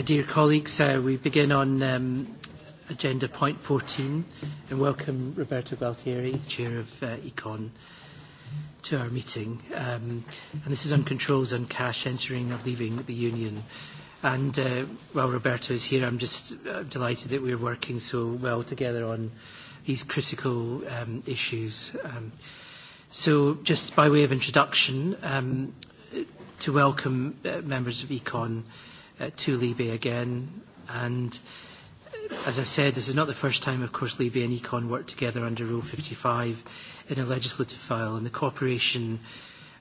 Uh, dear colleagues, uh, we begin on um, agenda point 14 and welcome Roberto Gualtieri, Chair of uh, Econ, to our meeting. Um, and this is on controls on cash entering or leaving the Union. And uh, while Roberto is here, I'm just uh, delighted that we're working so well together on these critical um, issues. Um, so just by way of introduction, um, to welcome uh, members of Econ, Uh, to Libya again. And uh, as I said, this is not the first time, of course, Libya and Econ worked together under Rule 55 in a legislative file, and the cooperation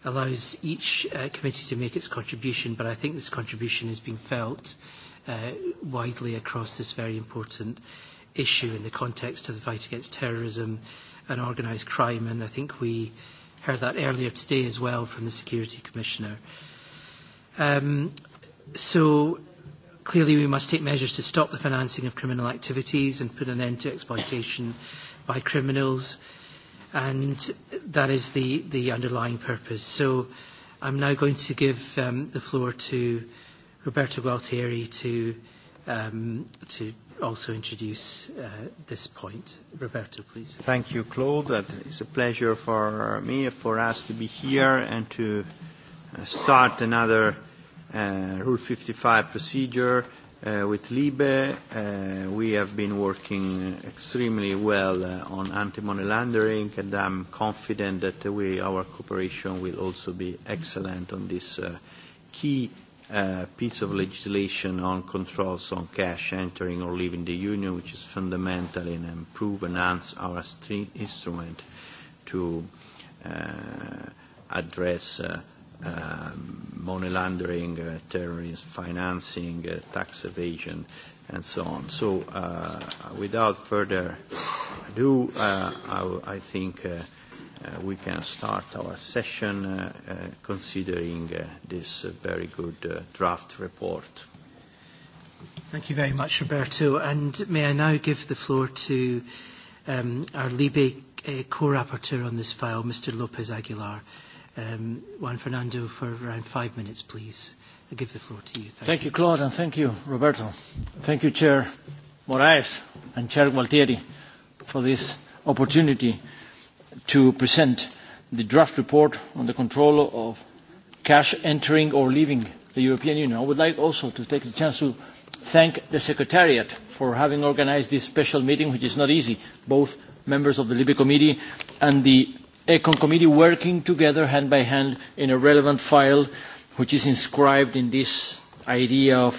allows each uh, committee to make its contribution, but I think this contribution is being felt uh, widely across this very important issue in the context of the fight against terrorism and organised crime, and I think we heard that earlier today as well from the Security Commissioner. Um, So clearly we must take measures to stop the financing of criminal activities and put an end to exploitation by criminals. And that is the, the underlying purpose. So I'm now going to give um, the floor to Roberto Gualtieri to, um, to also introduce uh, this point. Roberto, please. Thank you, Claude. It's a pleasure for me, for us to be here and to uh, start another uh, Rule 55 procedure uh, with LIBE. Uh, we have been working extremely well uh, on anti-money laundering, and I'm confident that we, our cooperation will also be excellent on this key piece of legislation on controls on cash entering or leaving the Union, which is fundamental in improve, enhance our instrument to address Uh, money laundering, uh, terrorism financing, uh, tax evasion, and so on. So uh, without further ado, uh, I, I think we can start our session considering this very good draft report. Thank you very much, Roberto. And may I now give the floor to um, our Libe co-rapporteur on this file, Mr. Lopez Aguilar. Um, Juan Fernando, for around five minutes, please. I give the floor to you. Thank, you. Claude, and thank you, Roberto. Thank you, Chair Moraes and Chair Gualtieri, for this opportunity to present the draft report on the control of cash entering or leaving the European Union. I would like also to take the chance to thank the Secretariat for having organized this special meeting, which is not easy. Both members of the Libe Committee and the ECON Committee working together hand by hand in a relevant file which is inscribed in this idea of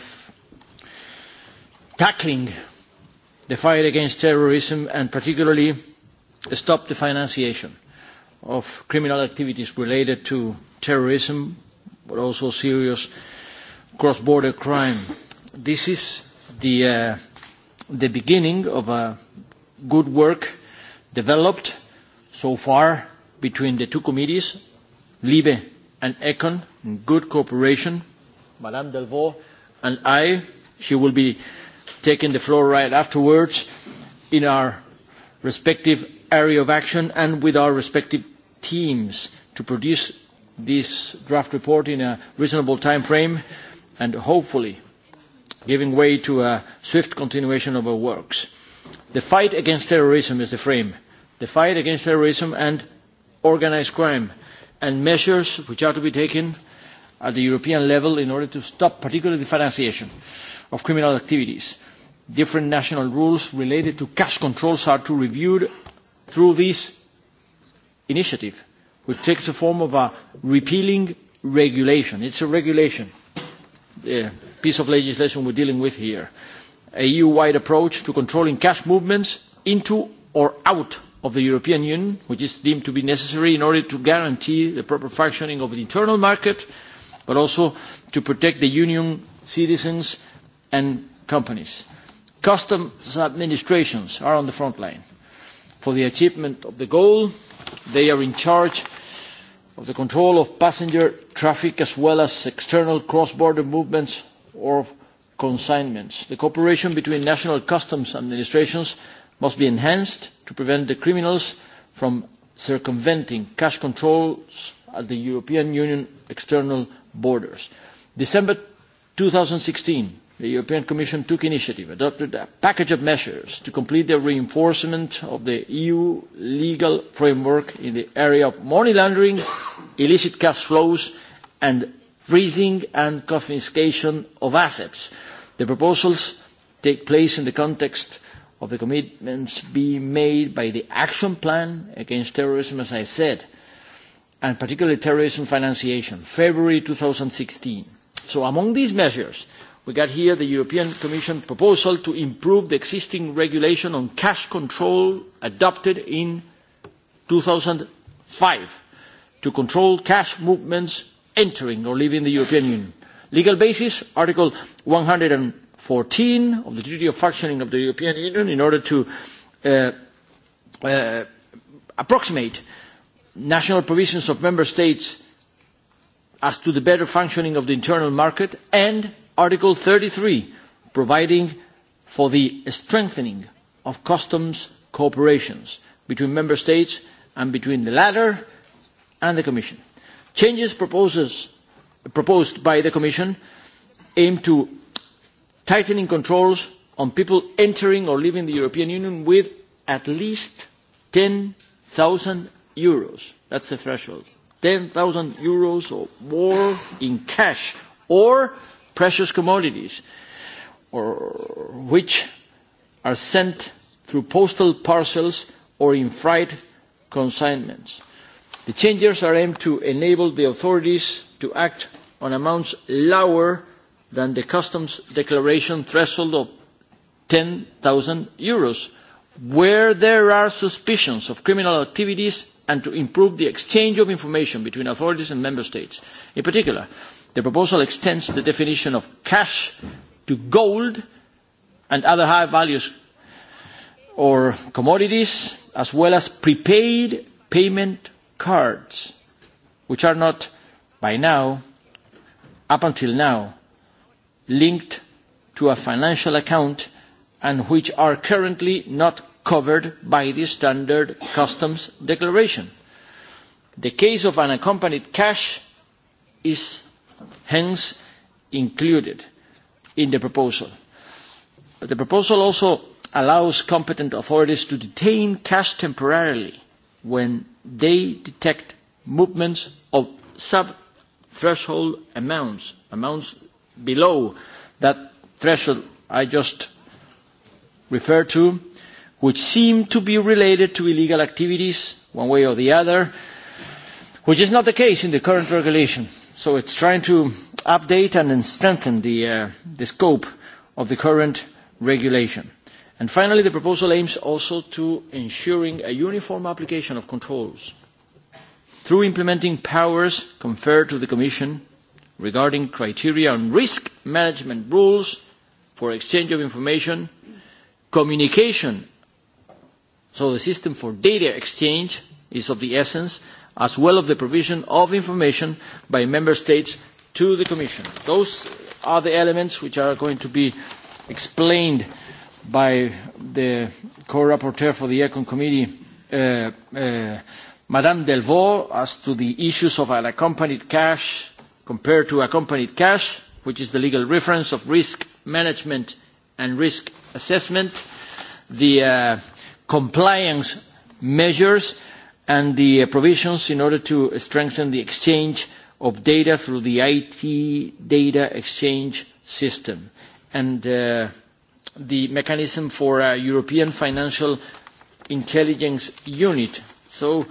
tackling the fight against terrorism and particularly stop the financiation of criminal activities related to terrorism but also serious cross-border crime. This is the, uh, the beginning of a good work developed so far between the two committees, LIBE and ECON, in good cooperation. Madame Delvaux and I, she will be taking the floor right afterwards in our respective area of action and with our respective teams to produce this draft report in a reasonable time frame and hopefully giving way to a swift continuation of our works. The fight against terrorism is the frame. The fight against terrorism and organised crime and measures which are to be taken at the European level in order to stop particularly the financiation of criminal activities. Different national rules related to cash controls are to be reviewed through this initiative, which takes the form of a repealing regulation. It's a regulation, the piece of legislation we're dealing with here. A EU-wide approach to controlling cash movements into or out of the European Union, which is deemed to be necessary in order to guarantee the proper functioning of the internal market, but also to protect the Union citizens and companies. Customs administrations are on the front line. For the achievement of the goal, they are in charge of the control of passenger traffic as well as external cross-border movements or consignments. The cooperation between national customs administrations must be enhanced to prevent the criminals from circumventing cash controls at the European Union external borders. December 2016, the European Commission took initiative, adopted a package of measures to complete the reinforcement of the EU legal framework in the area of money laundering, illicit cash flows and freezing and confiscation of assets. The proposals take place in the context of the commitments being made by the action plan against terrorism, as I said, and particularly terrorism financiation, February 2016. So among these measures, we got here the European Commission proposal to improve the existing regulation on cash control adopted in 2005 to control cash movements entering or leaving the European Union. Legal basis, Article 100 14 of the Treaty of Functioning of the European Union in order to uh, uh, approximate national provisions of member states as to the better functioning of the internal market and Article 33 providing for the strengthening of customs cooperations between member states and between the latter and the Commission. Changes proposes, proposed by the Commission aim to tightening controls on people entering or leaving the European Union with at least 10,000 euros. That's the threshold. 10,000 euros or more in cash or precious commodities or which are sent through postal parcels or in freight consignments. The changes are aimed to enable the authorities to act on amounts lower than the customs declaration threshold of 10,000 euros where there are suspicions of criminal activities and to improve the exchange of information between authorities and member states. In particular, the proposal extends the definition of cash to gold and other high values or commodities as well as prepaid payment cards which are not by now up until now linked to a financial account and which are currently not covered by the standard customs declaration. The case of unaccompanied cash is hence included in the proposal. the proposal also allows competent authorities to detain cash temporarily when they detect movements of sub-threshold amounts, amounts below that threshold I just referred to, which seem to be related to illegal activities, one way or the other, which is not the case in the current regulation. So it's trying to update and strengthen the, uh, the scope of the current regulation. And finally, the proposal aims also to ensuring a uniform application of controls through implementing powers conferred to the Commission regarding criteria on risk management rules for exchange of information, communication, so the system for data exchange is of the essence, as well as the provision of information by Member States to the Commission. Those are the elements which are going to be explained by the co-rapporteur for the Econ Committee, uh, uh, Madame Delvaux, as to the issues of unaccompanied cash, compared to accompanied cash, which is the legal reference of risk management and risk assessment, the uh, compliance measures and the uh, provisions in order to strengthen the exchange of data through the IT data exchange system and uh, the mechanism for a European Financial Intelligence Unit. So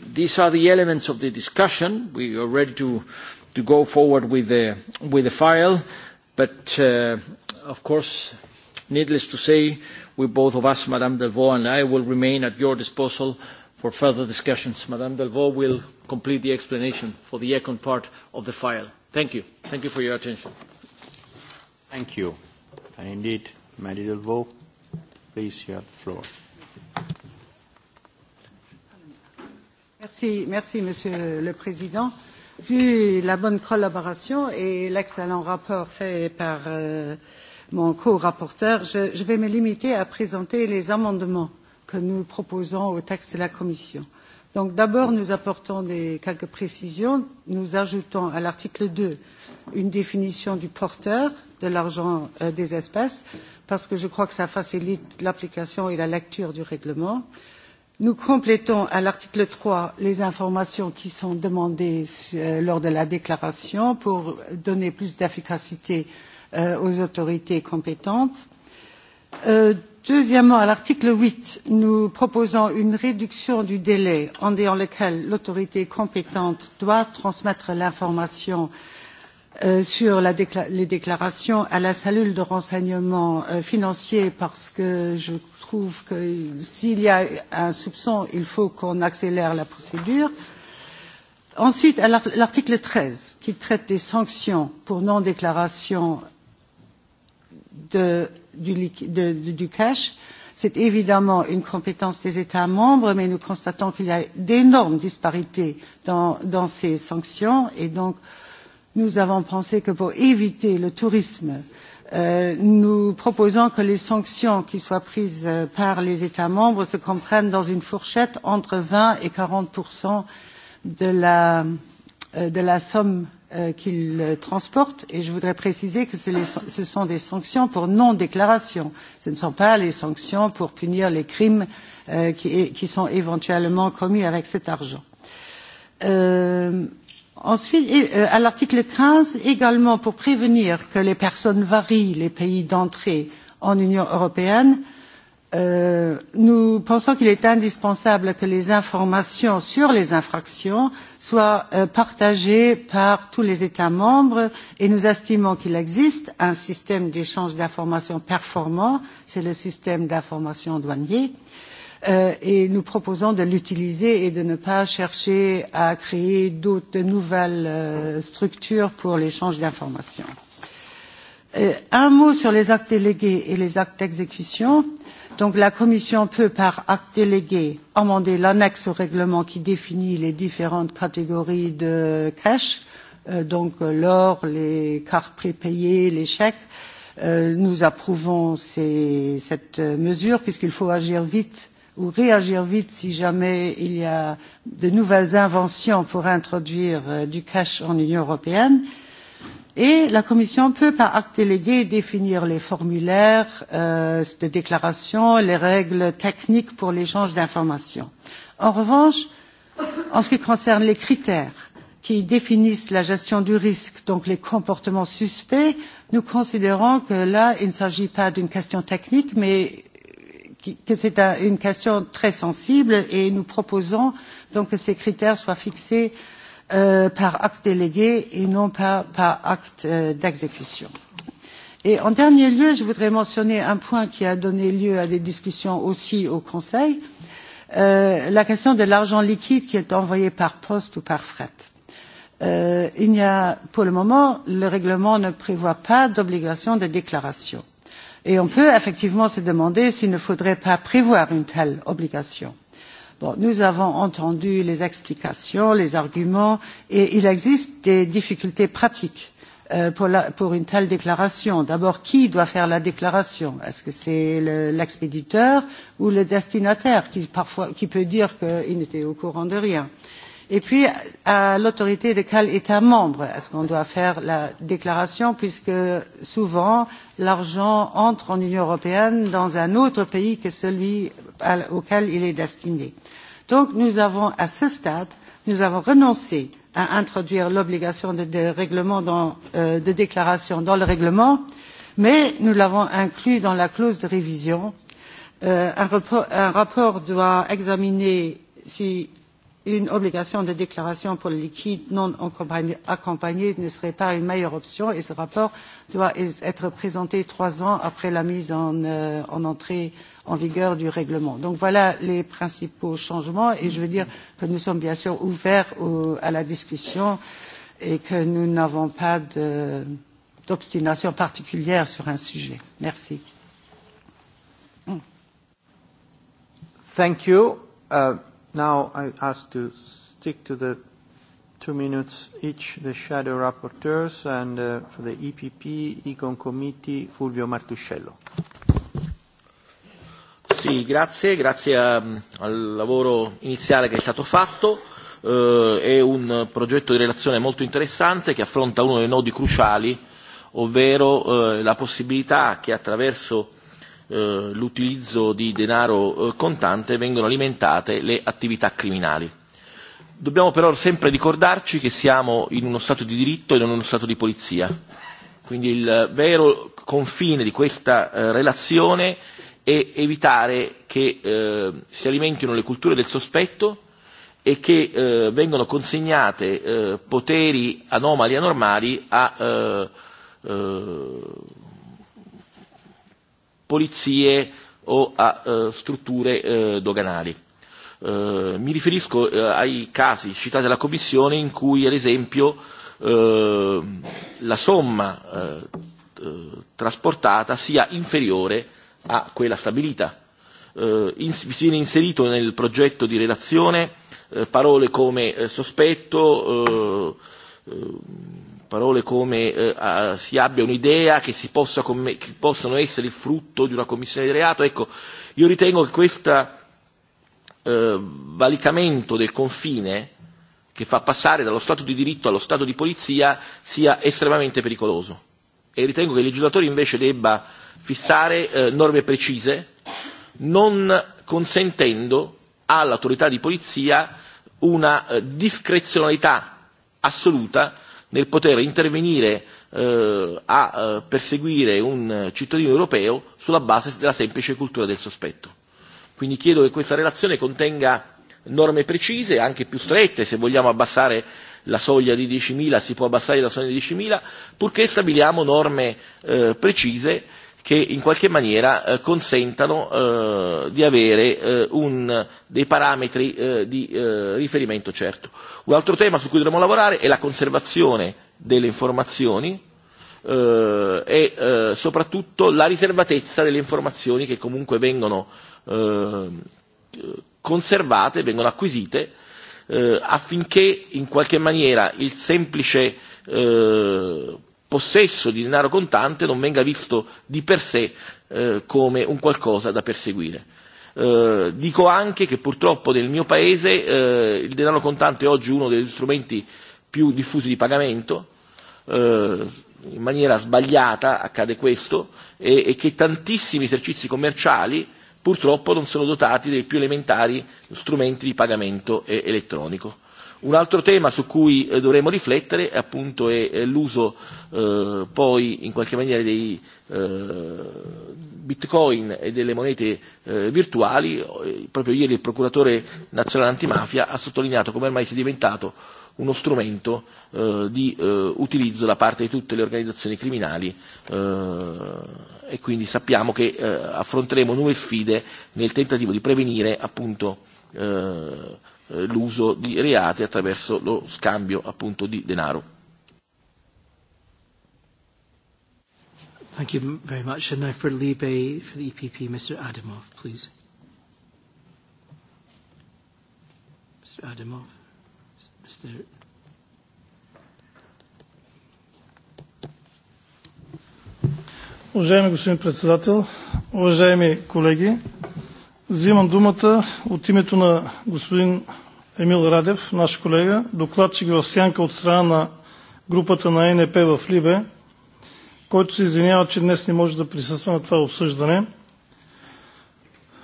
these are the elements of the discussion. We are ready to to go forward with the, with the file. But, uh, of course, needless to say, we both of us, Madame Delvaux and I, will remain at your disposal for further discussions. Madame Delvaux will complete the explanation for the ECON part of the file. Thank you. Thank you for your attention. Thank you. And indeed, Madame Delvaux, please, you have the floor. Merci, merci, Monsieur le Président vu la bonne collaboration et l'excellent rapport fait par euh, mon corapporteur je, je vais me limiter à présenter les amendements que nous proposons au texte de la commission. donc d'abord nous apportons des, quelques précisions nous ajoutons à l'article deux une définition du porteur de l'argent euh, des espèces parce que je crois que cela facilite l'application et la lecture du règlement nous complétons à l'article trois les informations qui sont demandées euh, lors de la déclaration pour donner plus d'efficacité euh, aux autorités compétentes. Euh, deuxièmement à l'article huit nous proposons une réduction du délai en dehors duquel l'autorité compétente doit transmettre l'information Euh, sur la les déclarations à la cellule de renseignement euh, financier parce que je trouve que s'il y a un soupçon il faut qu'on accélère la procédure. ensuite l'article treize qui traite des sanctions pour non déclaration de, du, de, du cash c'est évidemment une compétence des états membres mais nous constatons qu'il y a d'énormes disparités dans, dans ces sanctions et donc nous avons pensé que pour éviter le tourisme euh, nous proposons que les sanctions qui soient prises euh, par les états membres se comprennent dans une fourchette entre vingt et quarante de la, euh, de la somme qu'ils transportent et je voudrais préciser que ce sont des sanctions pour non déclaration ce ne sont pas les sanctions pour punir les crimes qui, qui sont éventuellement commis avec cet argent. Euh, ensuite euh, à l'article quinze également pour prévenir que les personnes varient les pays d'entrée en union européenne euh, nous pensons qu'il est indispensable que les informations sur les infractions soient euh, partagées par tous les états membres et nous estimons qu'il existe un système d'échange d'informations performant c'est le système d'information douanier Euh, et nous proposons de l'utiliser et de ne pas chercher à créer d'autres nouvelles euh, structures pour l'échange d'informations. Euh, un mot sur les actes délégués et les actes d'exécution. Donc la Commission peut, par acte délégué, amender l'annexe au règlement qui définit les différentes catégories de cash, euh, donc l'or, les cartes prépayées, les chèques. Euh, nous approuvons ces, cette mesure puisqu'il faut agir vite ou réagir vite si jamais il y a de nouvelles inventions pour introduire euh, du cash en Union européenne. Et la Commission peut, par acte délégué, définir les formulaires euh, de déclaration, les règles techniques pour l'échange d'informations. En revanche, en ce qui concerne les critères qui définissent la gestion du risque, donc les comportements suspects, nous considérons que là, il ne s'agit pas d'une question technique, mais que c'est une question très sensible et nous proposons donc que ces critères soient fixés euh, par acte délégué et non pas par acte euh, d'exécution. Et en dernier lieu, je voudrais mentionner un point qui a donné lieu à des discussions aussi au Conseil, euh, la question de l'argent liquide qui est envoyé par poste ou par fret. il y a, pour le moment, le règlement ne prévoit pas d'obligation de déclaration et on peut effectivement se demander s'il ne faudrait pas prévoir une telle obligation. Bon, nous avons entendu les explications les arguments et il existe des difficultés pratiques euh, pour, pour une telle déclaration. d'abord qui doit faire la déclaration? est ce que c'est l'expéditeur ou le destinataire qui parfois qui peut dire qu'il n'était au courant de rien? et puis à l'autorité de quel état membre est ce qu'on doit faire la déclaration puisque souvent l'argent entre en union européenne dans un autre pays que celui auquel il est destiné. donc nous avons à ce stade nous avons renoncé à introduire l'obligation de, de euh, déclaration dans le règlement mais nous l'avons inclus dans la clause de révision. Euh, un, rapport, un rapport doit examiner si une obligation de déclaration pour les liquides non accompagnés ne serait pas une meilleure option et ce rapport doit être présenté trois ans après la mise en, euh, en entrée en vigueur du règlement. Donc voilà les principaux changements et je veux dire que nous sommes bien sûr ouverts au, à la discussion et que nous n'avons pas d'obstination particulière sur un sujet. Merci. Thank you. Uh... Now I ask to stick to the two minutes each, the shadow rapporteurs, and uh, for the EPP, Econ Committee, Fulvio Martuscello. Sì, grazie, grazie a, um, al lavoro iniziale che è stato fatto. Uh, è un progetto di relazione molto interessante che affronta uno dei nodi cruciali, ovvero uh, la possibilità che attraverso Eh, l'utilizzo di denaro eh, contante vengono alimentate le attività criminali. Dobbiamo però sempre ricordarci che siamo in uno Stato di diritto e non in uno Stato di polizia. Quindi il vero confine di questa eh, relazione è evitare che si alimentino le culture del sospetto e che eh, consegnate poteri anomali e anormali a polizie o a eh, strutture eh, doganali. Eh, mi riferisco eh, ai casi citati dalla Commissione in cui, ad esempio, eh, la somma eh, trasportata sia inferiore a quella stabilita. In, viene inserito nel progetto di relazione parole come sospetto, parole come eh, si abbia un'idea che, si che possono essere il frutto di una commissione di reato. Ecco, io ritengo che questo eh, valicamento del confine che fa passare dallo Stato di diritto allo Stato di polizia sia estremamente pericoloso e ritengo che il legislatore invece debba fissare eh, norme precise non consentendo all'autorità di polizia una eh, discrezionalità assoluta nel poter intervenire eh, a eh, perseguire un eh, cittadino europeo sulla base della semplice cultura del sospetto. Quindi chiedo che questa relazione contenga norme precise, anche più strette, se vogliamo abbassare la soglia di 10.000 si può abbassare la soglia di 10.000, purché stabiliamo norme precise che in qualche maniera eh, consentano eh, di avere eh, un, dei parametri eh, di eh, riferimento certo. Un altro tema su cui dovremmo lavorare è la conservazione delle informazioni eh, e eh, soprattutto la riservatezza delle informazioni che comunque vengono eh, conservate, vengono acquisite affinché in qualche maniera il semplice eh, possesso di denaro contante non venga visto di per sé eh, come un qualcosa da perseguire. Eh, dico anche che purtroppo nel mio paese eh, il denaro contante è oggi uno degli strumenti più diffusi di pagamento, in maniera sbagliata accade questo e, e che tantissimi esercizi commerciali purtroppo non sono dotati dei più elementari strumenti di pagamento e- elettronico Un altro tema su cui eh, dovremo riflettere appunto è l'uso eh, poi in qualche maniera dei eh, bitcoin e delle monete virtuali. Proprio ieri il procuratore nazionale antimafia ha sottolineato come ormai sia diventato uno strumento di utilizzo da parte di tutte le organizzazioni criminali e quindi sappiamo che affronteremo nuove sfide nel tentativo di prevenire appunto eh, l'uso di reati attraverso lo scambio appunto di denaro. Thank you very much. And now for Libe, for the EPP, Mr. Adamov, please. Mr. Adamov, Mr. Уважаеми господин председател, уважаеми колеги, Взимам думата от името на господин Емил Радев, наш колега, докладчик в сянка от страна на групата на НП в Либе, който се извинява, че днес не може да присъства на това обсъждане.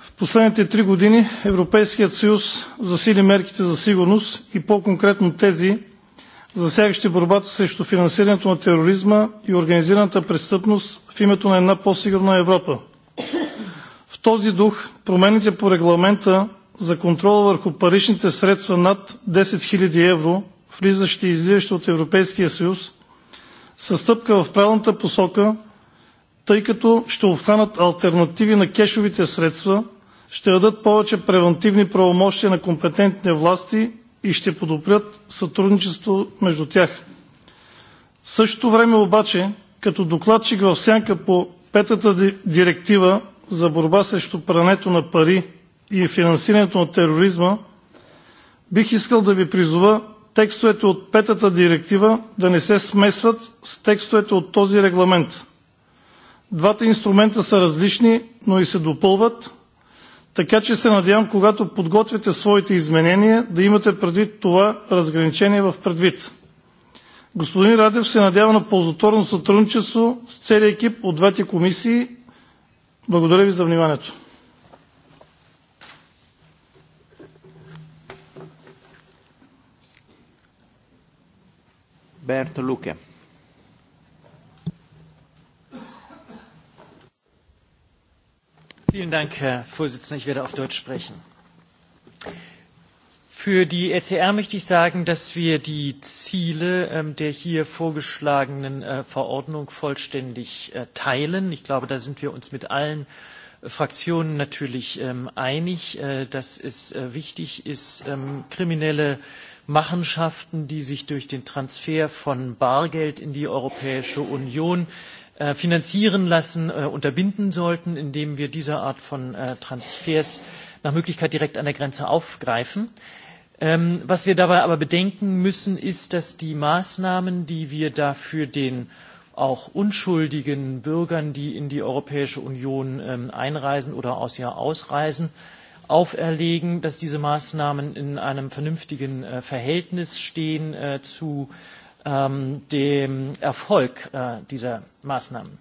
В последните три години Европейският съюз засили мерките за сигурност и по-конкретно тези, засягащи борбата срещу финансирането на тероризма и организираната престъпност в името на една по-сигурна Европа. В този дух промените по регламента за контрол върху паричните средства над 10 000 евро, влизащи и излизащи от Европейския съюз, са стъпка в правилната посока, тъй като ще обхванат альтернативи на кешовите средства, ще дадат повече превентивни правомощия на компетентните власти и ще подобрят сътрудничество между тях. В същото време обаче, като докладчик в сянка по петата директива за борба срещу прането на пари и финансирането на тероризма, бих искал да ви призова текстовете от петата директива да не се смесват с текстовете от този регламент. Двата инструмента са различни, но и се допълват, така че се надявам, когато подготвяте своите изменения, да имате предвид това разграничение в предвид. Господин Радев се надява на ползотворно сътрудничество с целия екип от двете комисии Благодаря ви за вниманието. Bert Луке. Vielen Dank, Herr Vorsitzender. Ich werde auf Deutsch sprechen. Für die ECR möchte ich sagen, dass wir die Ziele ähm, der hier vorgeschlagenen äh, Verordnung vollständig äh, teilen. Ich glaube, da sind wir uns mit allen äh, Fraktionen natürlich ähm, einig, dass es wichtig ist, ähm, kriminelle Machenschaften, die sich durch den Transfer von Bargeld in die Europäische Union finanzieren lassen, unterbinden sollten, indem wir diese Art von Transfers nach Möglichkeit direkt an der Grenze aufgreifen. Ähm, was wir dabei aber bedenken müssen, ist, dass die Maßnahmen, die wir dafür den auch unschuldigen Bürgern, die in die Europäische Union ähm, einreisen oder aus ihr ausreisen, auferlegen, dass diese Maßnahmen in einem vernünftigen äh, Verhältnis stehen äh, zu ähm, dem Erfolg äh, dieser Maßnahmen.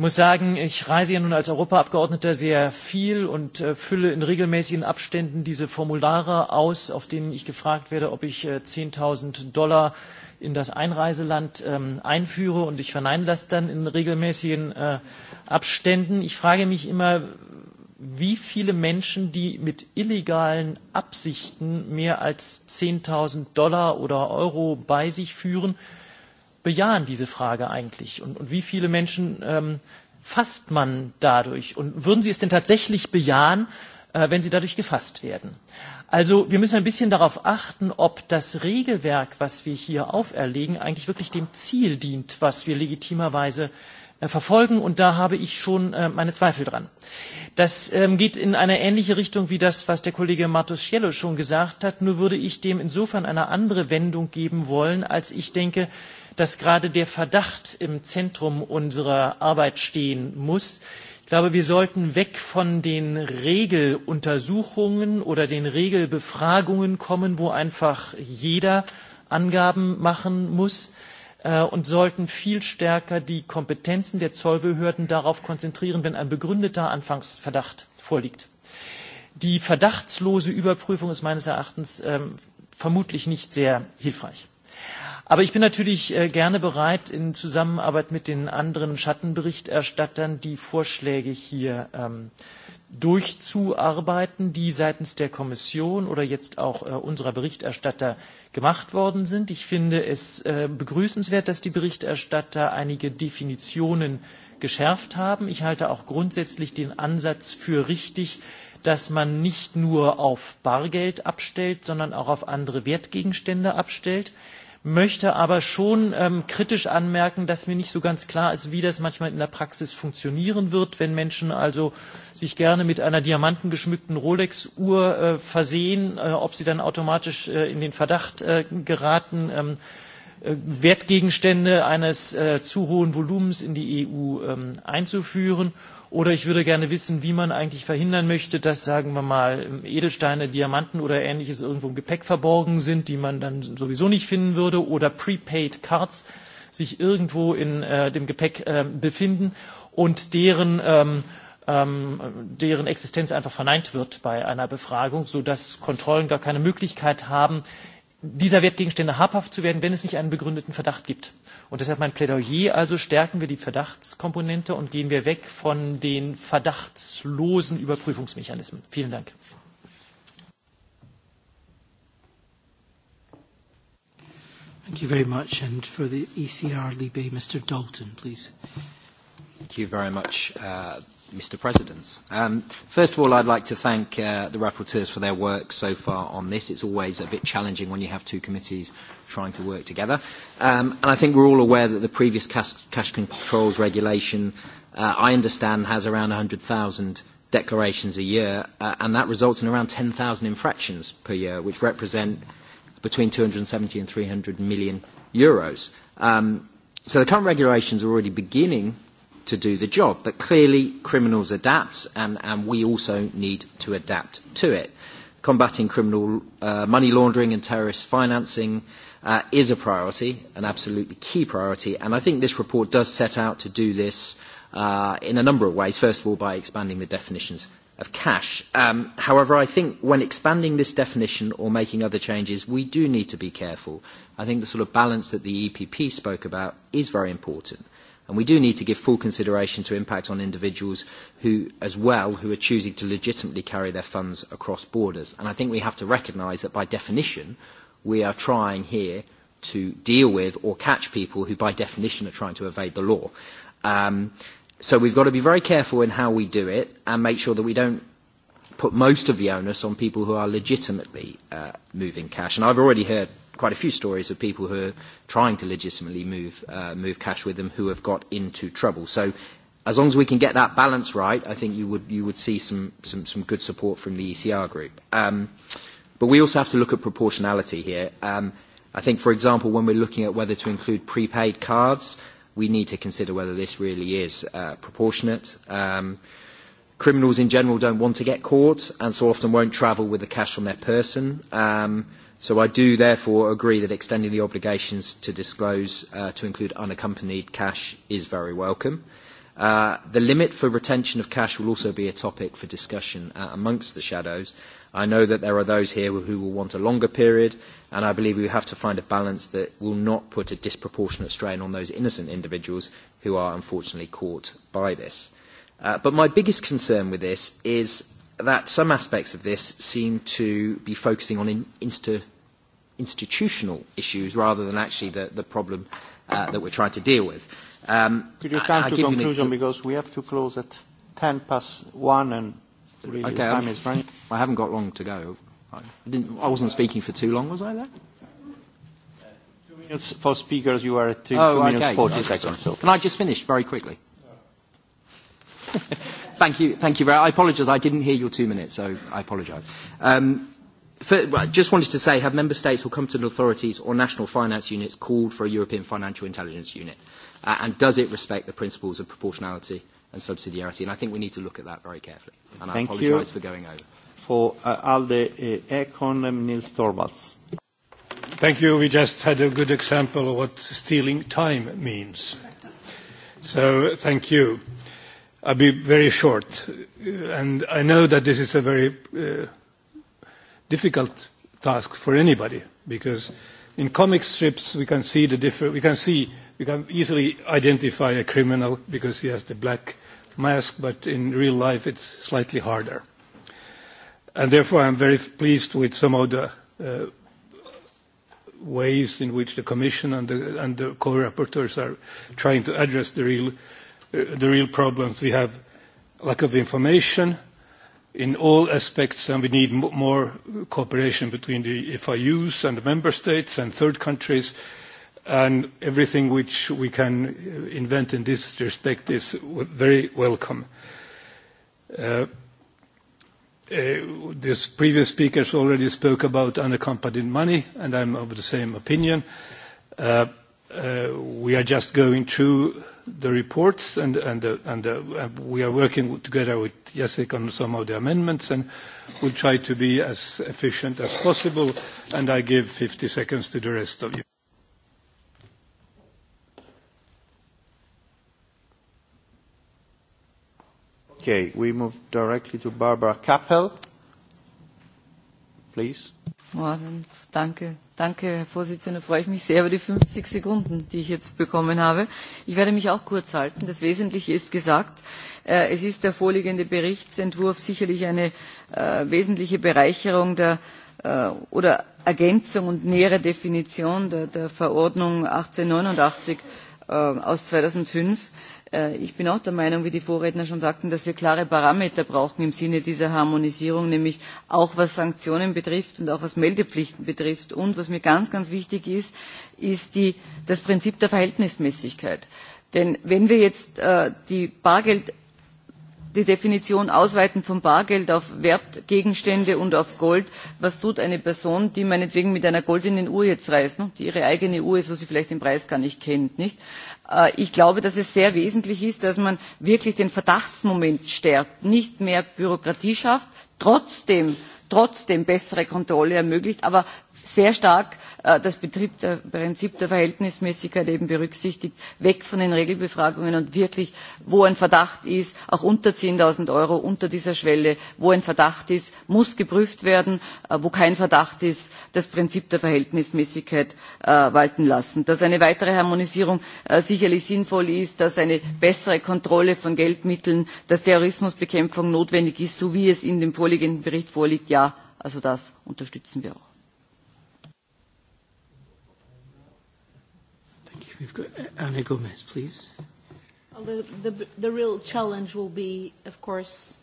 Ich muss sagen, ich reise ja nun als Europaabgeordneter sehr viel und äh, fülle in regelmäßigen Abständen diese Formulare aus, auf denen ich gefragt werde, ob ich äh, 10.000 Dollar in das Einreiseland ähm, einführe und ich verneine das dann in regelmäßigen äh, Abständen. Ich frage mich immer, wie viele Menschen, die mit illegalen Absichten mehr als 10.000 Dollar oder Euro bei sich führen, bejahen diese Frage eigentlich? Und, und wie viele Menschen ähm, fasst man dadurch? Und würden Sie es denn tatsächlich bejahen, äh, wenn sie dadurch gefasst werden? Also wir müssen ein bisschen darauf achten, ob das Regelwerk, was wir hier auferlegen, eigentlich wirklich dem Ziel dient, was wir legitimerweise äh, verfolgen. Und da habe ich schon äh, meine Zweifel dran. Das ähm, geht in eine ähnliche Richtung wie das, was der Kollege Martus Schiello schon gesagt hat. Nur würde ich dem insofern eine andere Wendung geben wollen, als ich denke, dass gerade der Verdacht im Zentrum unserer Arbeit stehen muss. Ich glaube, wir sollten weg von den Regeluntersuchungen oder den Regelbefragungen kommen, wo einfach jeder Angaben machen muss äh, und sollten viel stärker die Kompetenzen der Zollbehörden darauf konzentrieren, wenn ein begründeter Anfangsverdacht vorliegt. Die verdachtslose Überprüfung ist meines Erachtens ähm, vermutlich nicht sehr hilfreich. Aber ich bin natürlich äh, gerne bereit, in Zusammenarbeit mit den anderen Schattenberichterstattern die Vorschläge hier ähm, durchzuarbeiten, die seitens der Kommission oder jetzt auch äh, unserer Berichterstatter gemacht worden sind. Ich finde es äh, begrüßenswert, dass die Berichterstatter einige Definitionen geschärft haben. Ich halte auch grundsätzlich den Ansatz für richtig, dass man nicht nur auf Bargeld abstellt, sondern auch auf andere Wertgegenstände abstellt möchte aber schon ähm, kritisch anmerken, dass mir nicht so ganz klar ist, wie das manchmal in der Praxis funktionieren wird, wenn Menschen also sich gerne mit einer diamantengeschmückten Rolex-Uhr äh, versehen, äh, ob sie dann automatisch äh, in den Verdacht geraten, ähm, Wertgegenstände eines zu hohen Volumens in die EU ähm, einzuführen Oder ich würde gerne wissen, wie man eigentlich verhindern möchte, dass, sagen wir mal, Edelsteine, Diamanten oder ähnliches irgendwo im Gepäck verborgen sind, die man dann sowieso nicht finden würde, oder Prepaid Cards sich irgendwo in äh, dem Gepäck äh, befinden und deren, ähm, ähm, deren Existenz einfach verneint wird bei einer Befragung, sodass Kontrollen gar keine Möglichkeit haben, dieser Wertgegenstände habhaft zu werden, wenn es nicht einen begründeten Verdacht gibt. Und deshalb mein Plädoyer, also stärken wir die Verdachtskomponente und gehen wir weg von den verdachtslosen Überprüfungsmechanismen. Vielen Dank. Thank you very much. And for the ECR Libe, Mr. Dalton, please. Thank you very much, uh, Mr. President. Um, first of all, I'd like to thank uh, the rapporteurs for their work so far on this. It's always a bit challenging when you have two committees trying to work together. Um, and I think we're all aware that the previous cash, controls regulation, uh, I understand, has around 100,000 declarations a year, uh, and that results in around 10,000 infractions per year, which represent between 270 and 300 million euros. Um, so the current regulations are already beginning to do the job. But clearly, criminals adapt, and, and we also need to adapt to it. Combating criminal uh, money laundering and terrorist financing uh, is a priority, an absolutely key priority, and I think this report does set out to do this uh, in a number of ways. First of all, by expanding the definitions of cash. Um, however, I think when expanding this definition or making other changes, we do need to be careful. I think the sort of balance that the EPP spoke about is very important. And we do need to give full consideration to impact on individuals who, as well, who are choosing to legitimately carry their funds across borders. And I think we have to recognise that by definition, we are trying here to deal with or catch people who by definition are trying to evade the law. Um, so we've got to be very careful in how we do it and make sure that we don't put most of the onus on people who are legitimately uh, moving cash. And I've already heard quite a few stories of people who are trying to legitimately move, uh, move cash with them who have got into trouble. So as long as we can get that balance right, I think you would, you would see some, some, some good support from the ECR group. Um, but we also have to look at proportionality here. Um, I think, for example, when we're looking at whether to include prepaid cards, we need to consider whether this really is uh, proportionate. Um, Criminals in general don't want to get caught and so often won't travel with the cash on their person. Um, so I do therefore agree that extending the obligations to disclose uh, to include unaccompanied cash is very welcome. Uh, the limit for retention of cash will also be a topic for discussion uh, amongst the shadows. I know that there are those here who will want a longer period, and I believe we have to find a balance that will not put a disproportionate strain on those innocent individuals who are unfortunately caught by this. Uh, but my biggest concern with this is that some aspects of this seem to be focusing on in, institutional issues rather than actually the, the problem uh, that we're trying to deal with. Um, Could you come I, I to conclusion the, because we have to close at 10 past 1 and really okay, time I'm, is running. I haven't got long to go. I, didn't, I wasn't speaking for too long, was I there? Uh, two minutes for speakers, you are at two, oh, two okay. minutes 40 seconds. So. Can I just finish very quickly? thank you, thank you very I apologize. I didn't hear your two minutes, so I apologize. Um, I just wanted to say, have member states or competent authorities or national finance units called for a European financial intelligence unit? and does it respect the principles of proportionality and subsidiarity? And I think we need to look at that very carefully. And I apologize for going over. For uh, ALDE uh, Econ, um, Nils Torvalds. Thank you. We just had a good example of what stealing time means. So thank you. I'll be very short, and I know that this is a very uh, difficult task for anybody because in comic strips we can see the different we can see we can easily identify a criminal because he has the black mask, but in real life it's slightly harder. And therefore, I'm very pleased with some of the uh, ways in which the Commission and the, and the co-rapporteurs are trying to address the real Uh, the real problems. We have lack of information in all aspects, and we need more cooperation between the FIUs and the member states and third countries, and everything which we can uh, invent in this respect is very welcome. Uh, uh previous speakers already spoke about unaccompanied money, and I'm of the same opinion. we are just going through the reports and, uh, uh, we are working together with Jacek on some of the amendments and we'll try to be as efficient as possible and I give 50 seconds to the rest of you. Okay, we move directly to Barbara Kappel. Please. thank danke. Danke, Herr Vorsitzender. Freue ich mich sehr über die fünfzig Sekunden, die ich jetzt bekommen habe. Ich werde mich auch kurz halten. Das Wesentliche ist gesagt. Äh, es ist der vorliegende Berichtsentwurf sicherlich eine äh, wesentliche Bereicherung der äh, oder Ergänzung und nähere Definition der, der Verordnung 1889 aus 2005 Äh, ich bin auch der Meinung, wie die Vorredner schon sagten, dass wir klare Parameter brauchen im Sinne dieser Harmonisierung, nämlich auch was Sanktionen betrifft und auch was Meldepflichten betrifft. Und was mir ganz, ganz wichtig ist, ist die, das Prinzip der Verhältnismäßigkeit. Denn wenn wir jetzt äh, die Bargeld die definition ausweiten von bargeld auf wertgegenstände und auf gold was tut eine person die meinetwegen mit einer goldenen uhr jetzt reist die ihre eigene uhr ist wo sie vielleicht den preis gar nicht kennt nicht? Äh, ich glaube dass es sehr wesentlich ist dass man wirklich den verdachtsmoment stärkt nicht mehr bürokratie schafft trotzdem trotzdem bessere kontrolle ermöglicht sehr stark äh, das äh, prinzip der verhältnismäßigkeit eben berücksichtigt weg von den regelbefragungen und wirklich wo ein verdacht ist auch unter zehn euro unter dieser schwelle wo ein verdacht ist muss geprüft werden äh, wo kein verdacht ist das prinzip der verhältnismäßigkeit walten lassen. dass eine weitere harmonisierung sicherlich sinnvoll ist dass eine bessere kontrolle von geldmitteln dass terrorismusbekämpfung notwendig ist so wie es in dem vorliegenden bericht vorliegt ja also das unterstützen wir auch. We've got uh, Anna Gomez, please. The, the, the real challenge will be, of course,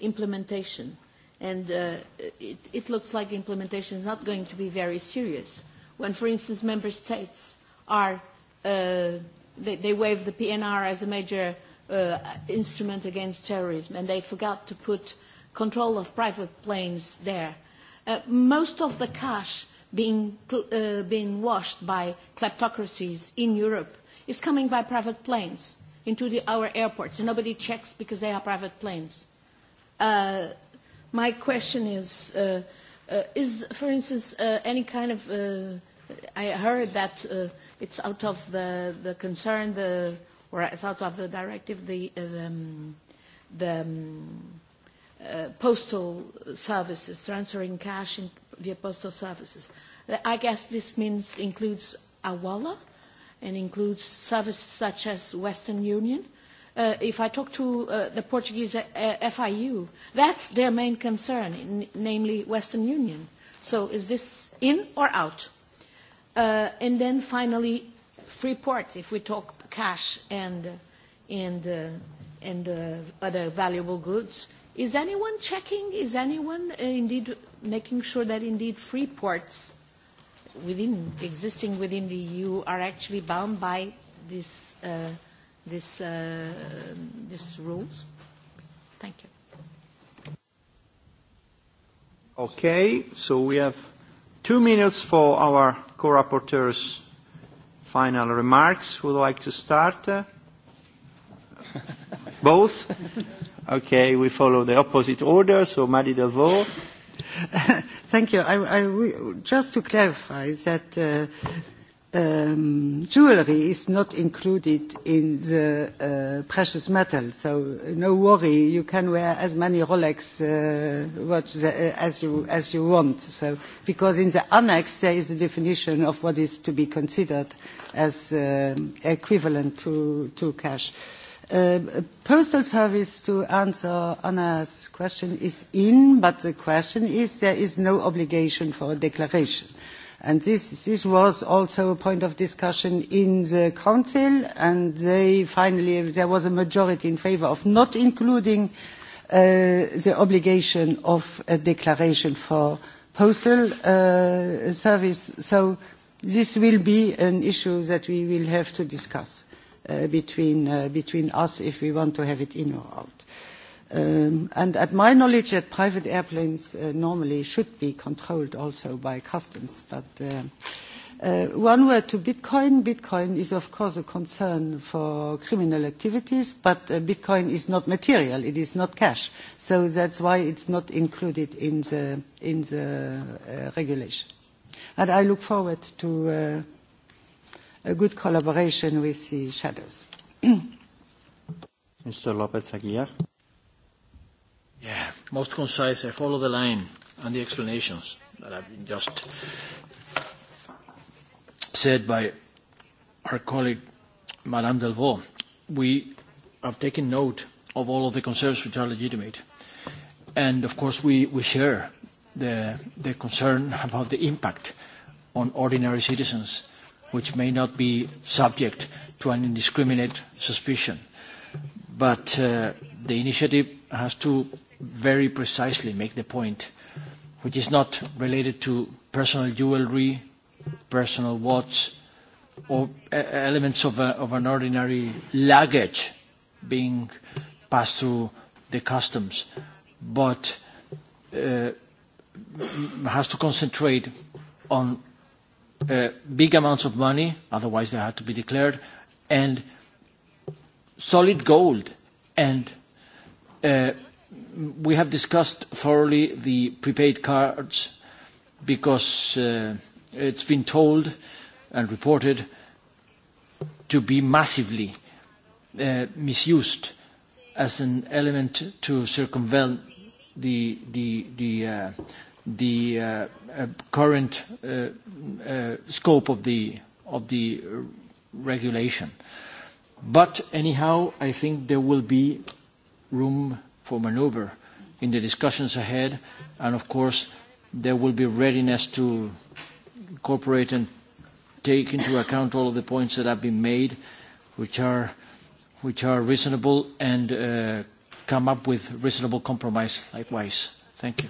implementation. And uh, it, it looks like implementation is not going to be very serious. When, for instance, member states are, uh, they, they waive the PNR as a major uh, instrument against terrorism, and they forgot to put control of private planes there. Uh, most of the cash being, uh, being washed by kleptocracies in Europe is coming by private planes into the, our airports, and nobody checks because they are private planes. Uh, my question is, uh, uh, is, for instance, uh, any kind of, uh, I heard that uh, it's out of the, the concern, the, or it's out of the directive, the, uh, the, um, um, uh, postal services transferring cash in via postal services. I guess this means includes AWALA and includes services such as Western Union. Uh, if I talk to uh, the Portuguese uh, FIU, that's their main concern, namely Western Union. So is this in or out? Uh, and then finally, free port, if we talk cash and, and and uh, other valuable goods. Is anyone checking? Is anyone uh, indeed making sure that indeed free ports within, existing within the EU are actually bound by this, uh, this, uh, this rules? Thank you. Okay, so we have two minutes for our co-rapporteurs' final remarks. Who would like to start? Both? Okay, we follow the opposite order, so Marie Delvaux. Thank you. I, I, just to clarify that uh, um, jewelry is not included in the uh, precious metal, so no worry, you can wear as many Rolex uh, watches uh, as you, as you want. So, because in the annex there is a definition of what is to be considered as um, equivalent to, to cash. A um, postal service to answer anna's question is in but the question is there is no obligation for a declaration and this, was also a point of discussion in the council and they finally there was a majority in favour of not including uh, the obligation of a declaration for postal uh, service so this will be an issue that we will have to discuss. Uh, between, uh, between us if we want to have it in or out. Um, and at my knowledge, that uh, private airplanes normally should be controlled also by customs. But one word to Bitcoin. Bitcoin is, of course, a concern for criminal activities, but Bitcoin is not material. It is not cash. So that's why it's not included in the, in the uh, regulation. And I look forward to a good collaboration with the shadows. Mr. Lopez Aguilar. Yeah, most concise. I follow the line and the explanations that have been just said by our colleague, Madame Delvaux. We have taken note of all of the concerns which are legitimate. And of course, we, we share the, the concern about the impact on ordinary citizens which may not be subject to an indiscriminate suspicion. But uh, the initiative has to very precisely make the point, which is not related to personal jewelry, personal watch, or uh, elements of, a, of an ordinary luggage being passed through the customs, but uh, has to concentrate on Uh, big amounts of money, otherwise they had to be declared, and solid gold. And uh, we have discussed thoroughly the prepaid cards because uh, it's been told and reported to be massively uh, misused as an element to circumvent the, the, the uh the uh, uh, current uh, scope of the of the regulation. But anyhow, I think there will be room for maneuver in the discussions ahead, and of course, there will be readiness to incorporate and take into account all of the points that have been made, which are which are reasonable and come up with reasonable compromise likewise. Thank you.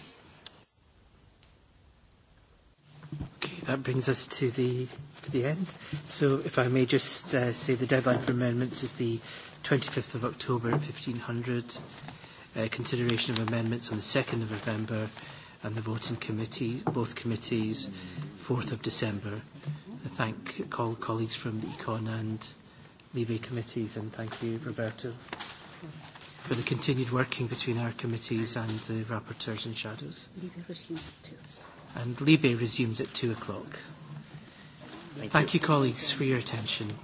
that brings us to the to the end. So if I may just uh, say the deadline for amendments is the 25th of October at 1500, uh, consideration of amendments on the 2nd of November, and the voting committee, both committees, 4th of December. I thank call colleagues from the Econ and Libe committees, and thank you, Roberto, for the continued working between our committees and the rapporteurs and shadows and Libe resumes at two o'clock. Thank, Thank you. you colleagues for your attention.